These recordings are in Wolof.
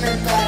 remember.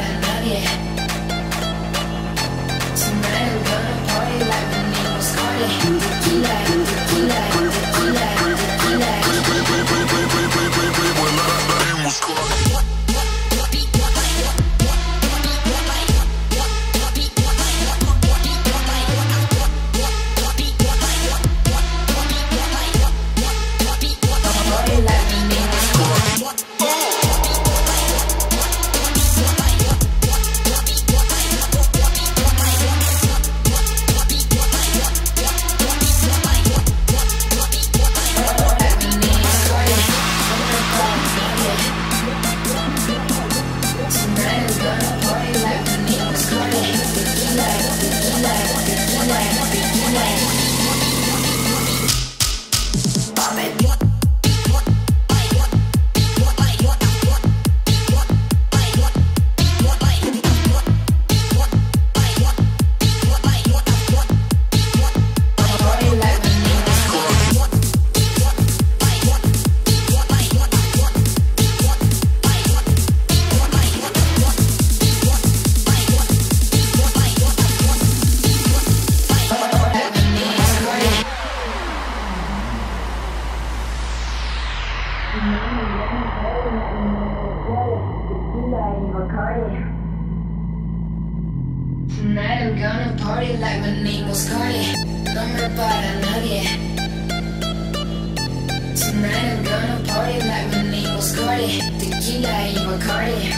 party.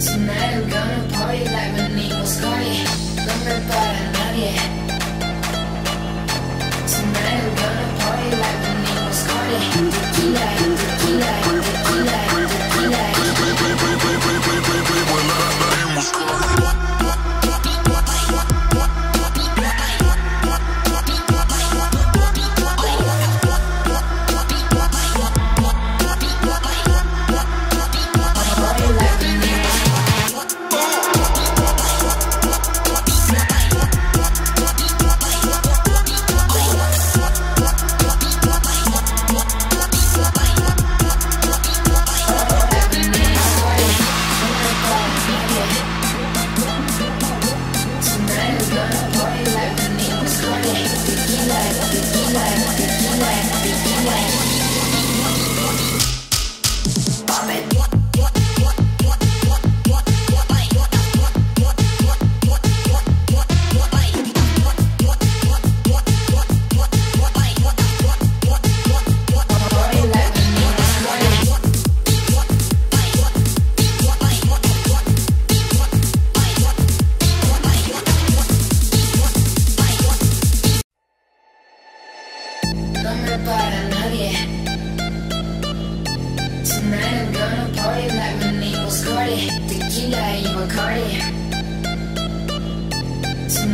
Tonight I'm gonna party like my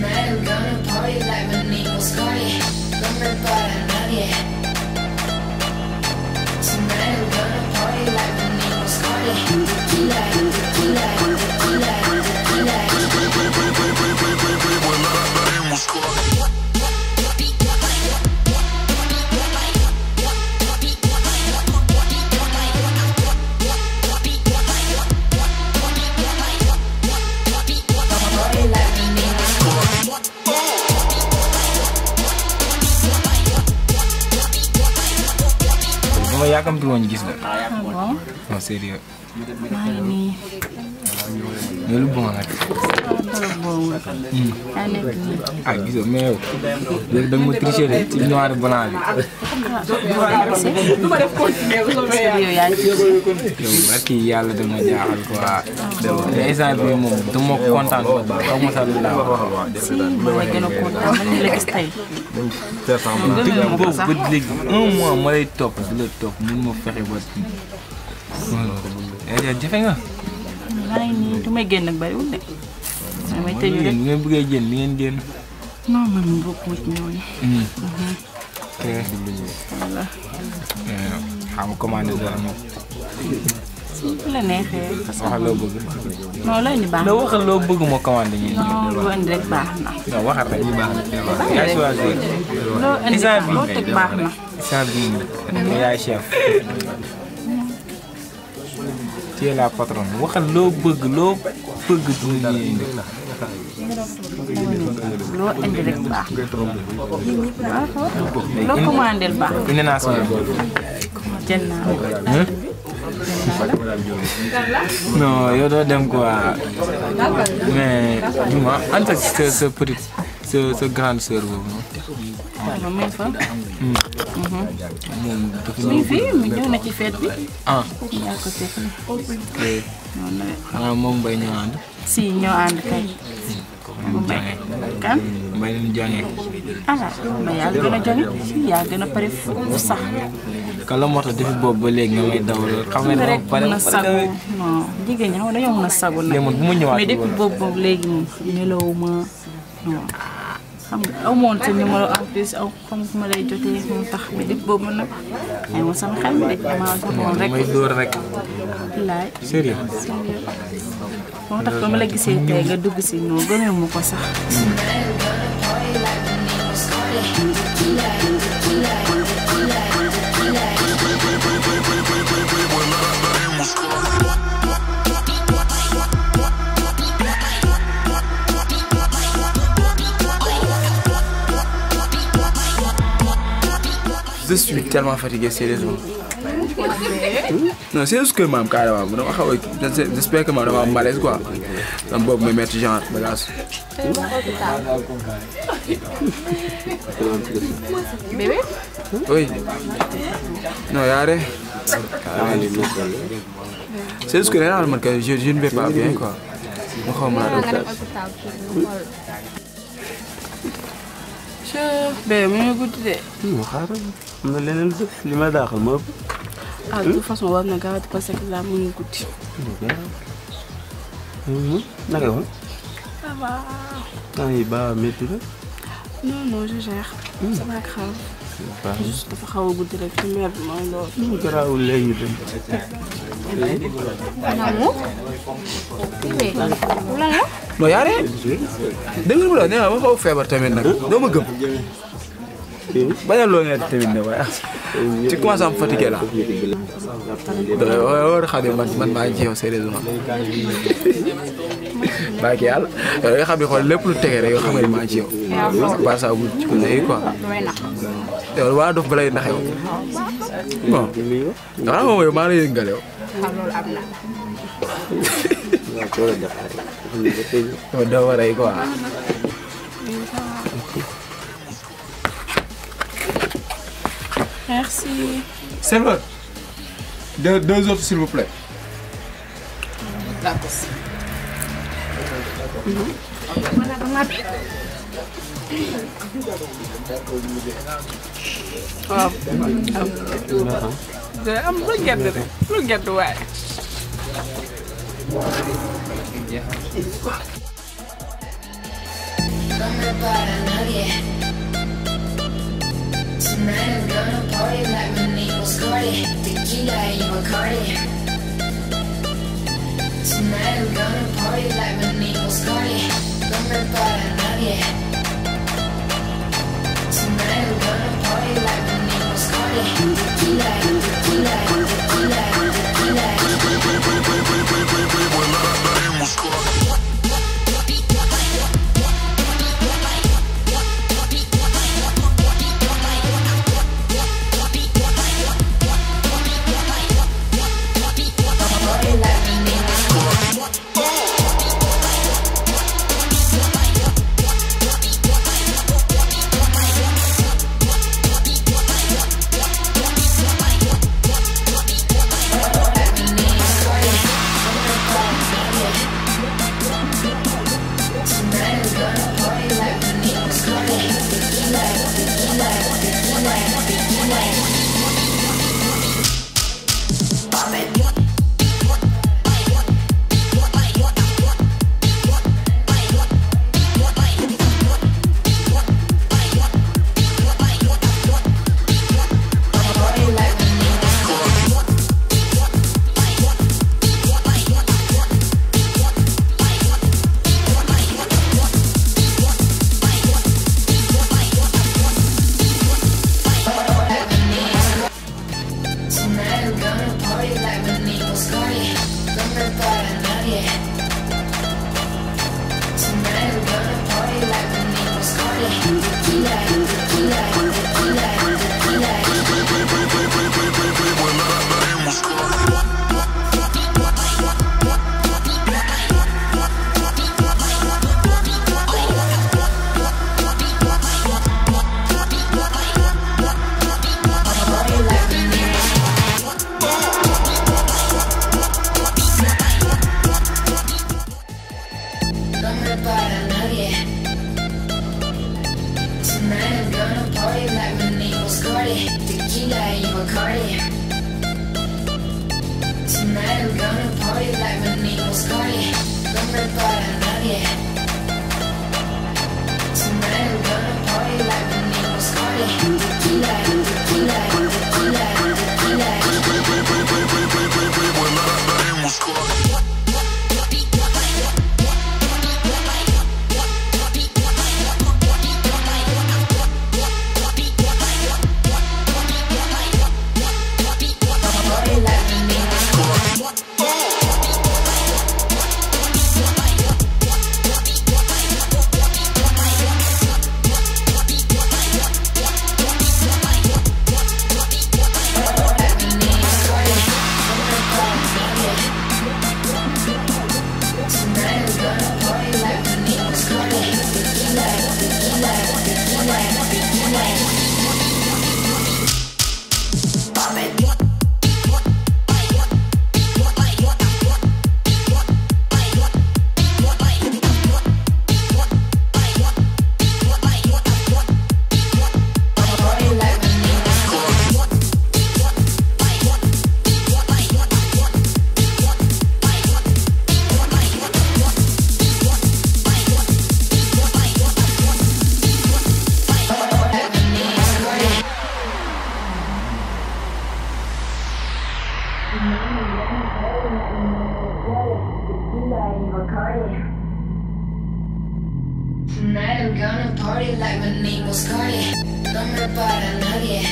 tonight I'm gonna party like my name was Cardi ñu gis la. ah bon non sérieux maa ngi bon nag. ah yow de barki yàlla dama jaaxal quoi. mais instant moom du kontaan ba baax xaw ma ma gën a kontaan man la gis tey. dëgg la boobu ba léegi un mois ma lay topp di la topp mun ma fexe ba. déedéet jafe nga. maa nii du may génn ak bariwul de. damay tëju rek ngeen bëggee génn ni ngeen génn. non man mi bokk ci ñooñu. Hmm. Mhm. voilà. Eh, xam nga commandé dara moom. su la neexee. waxal loo bëgg. non loo indi baax na. loo bëgg moo commandé loo indi baax na. non waxal baax na. loo indi loo teg baax na. isa bi yaay chef. tu la patronne waxal loo bëgg loo bëgg du loo indi rek loo commandé baax. indi naa si jënd naa hmm? non doo dem quoi mais dis-moi en tant que sa petite. sa sa grande sœur boobu noonu. waaw mi mm-hmm. mm-hmm. ngi fa. mi ngi na ci fête bi. ah. yaa ko seqal. Eh. noonu la. xanaa ah, moom Mbaye ñoo ànd. si ñoo ah waaw yaa gën a jàngee yaa gën a pare fu sax. kan la moo boobu ba léegi nga may daw xam nga ne pare na sagu non jigéen ñi xam nga dañoo bu ma ñëwaat mais depuis boobu boobu léegi moom nelawu xam nga aw ma woon aw xam ma lay jotee mu tax bi ma sama xel rek may ma la gisee tey nga dugg si non gëmee ko sax je suis tellement fatigué non c'est juste que maam carrément dama xaw a j'espère que maam dama am malaise quoi dama boobu may métti genre bagage. bébé. oui. non yaa de. c'est juste que nee naa man que je je ne vais pas bien quoi. ma xaw ma. bébé mu ngi guddi de. xaaral am na leneen def li ma daaxal ma ëpp. ah de toute façon war na gaaw a parce que là mu ngi guddi. naka woon. ça va. temps yi ba métti la. non non je gère. ça va grave. juste dafa xaw a guddi rek ci mer bi mooy loolu. garaawul léegi dem. Namu? Kii lan la. non yaa ne. dégg nga lu la wax nee naa xaw feebar tamit nag doo gëm. bañal loo nekk tamit ne waaye ci commencé am fatigué la damay war a man maa ngi sérieusement bàyyi yàlla yooyu xam xool lépp lu tege rek yoo xam maa ngi ci ci ko léegi quoi yow waa dof ba lay nax yow bon xanaa moom yow maa lay yëngal doo war a quoi Merci. Serveur, deux, deux autres s'il vous plaît. D'accord. waaw am lu gedd rek lu gedd waaye Don't look at Tonight I'm gonna party like my name was Cardi Tequila and Bacardi Tonight I'm gonna party like my name was Cardi said, what? Tonight I'm gonna party like my name was Cardi Nombre para nadie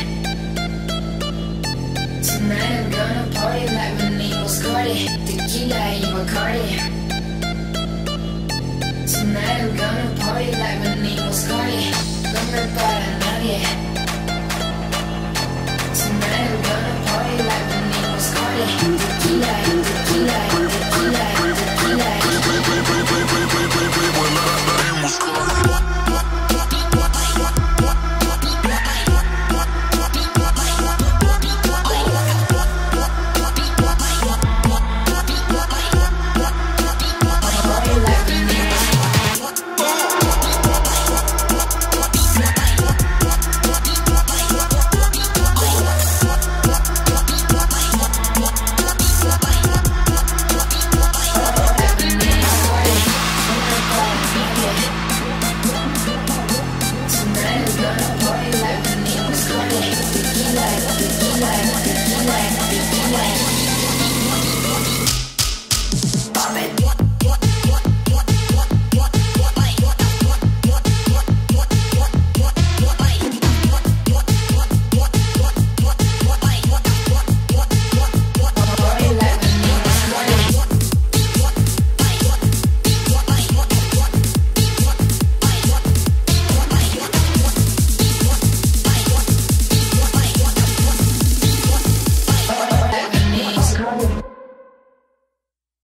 Tonight I'm gonna party like my name was Cardi Tequila y Bacardi Tonight I'm gonna party like my name was Cardi Nombre para nadie